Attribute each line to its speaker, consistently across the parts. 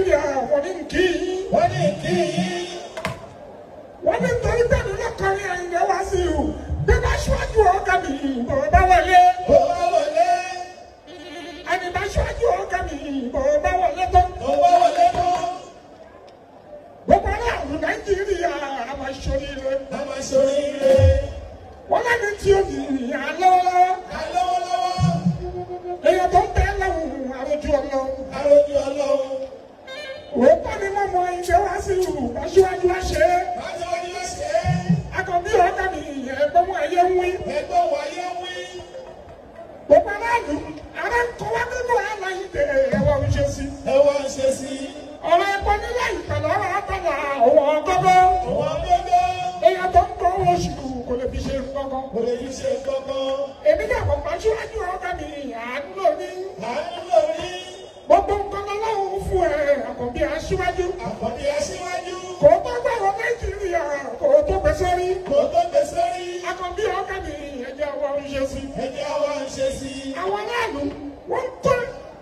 Speaker 1: nàìjíríà wọ́n ní kí yín. wọ́n ní kí yín. wọ́n ní torí pẹ̀lú lọ́kọrin àyìnlẹ̀ wá sí o bí bá ṣíwájú ọ̀gá mi bọ̀ bá wọlé. bọ̀ bá wọlé. ẹni bá ṣíwájú ọ̀gá mi bọ̀ bá wọlé tó. bọ̀ bá wọlé tó. gbogbo aláàrùn nàìjíríà a máa ṣoríire. a máa ṣoríire. wọ́n lẹ́ni tí o nìyà lọ́wọ́. àlọ́wọ́lọ́wọ́. èèyàn tó ń tẹ́ lọ́wọ́ àròjù ọlọ́wọ́. àròjù ọlọ́wọ́. Wàsíù Aṣíwájú á ṣe é. Akọ̀bí ọ̀ọ́kà mi ẹ̀gbọ́n wọn ayé ń wí. Ẹ̀gbọ́n wọn ayé ń wí. Gbogbo aráàlú ará ń kọ́ wá nínú àlàyé tẹ ẹ̀wà ń ṣe sí. Ẹ̀wà ń ṣe sí. Ọ̀rọ̀ ẹ̀kọ́ nílẹ̀ ìtàlọ́ ọ̀rọ̀ àtàlà ọ̀wọ̀ ọ̀gọ́gọ́. Ọ̀wọ̀ ọ̀gọ́gọ́. Èèyàn tó ń kọ́ oṣù kò lè fi ṣe nǹkan kan. Kò lè fi àkàndé aṣíwájú. àkàndé aṣíwájú. kò tó gbàgbọ́ nàìjíríà kò tó gbèsè rí. kò tó gbèsè rí. àkàndé ọ̀kadì ẹ̀jẹ̀ wa ń ṣe sí. ẹ̀jẹ̀ wa ń ṣe sí. àwọn aráàlú wọ́n tó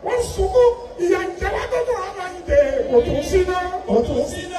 Speaker 1: wọ́n sunkún ìyànjẹ́ wa tó tó àbájáde kò tún sí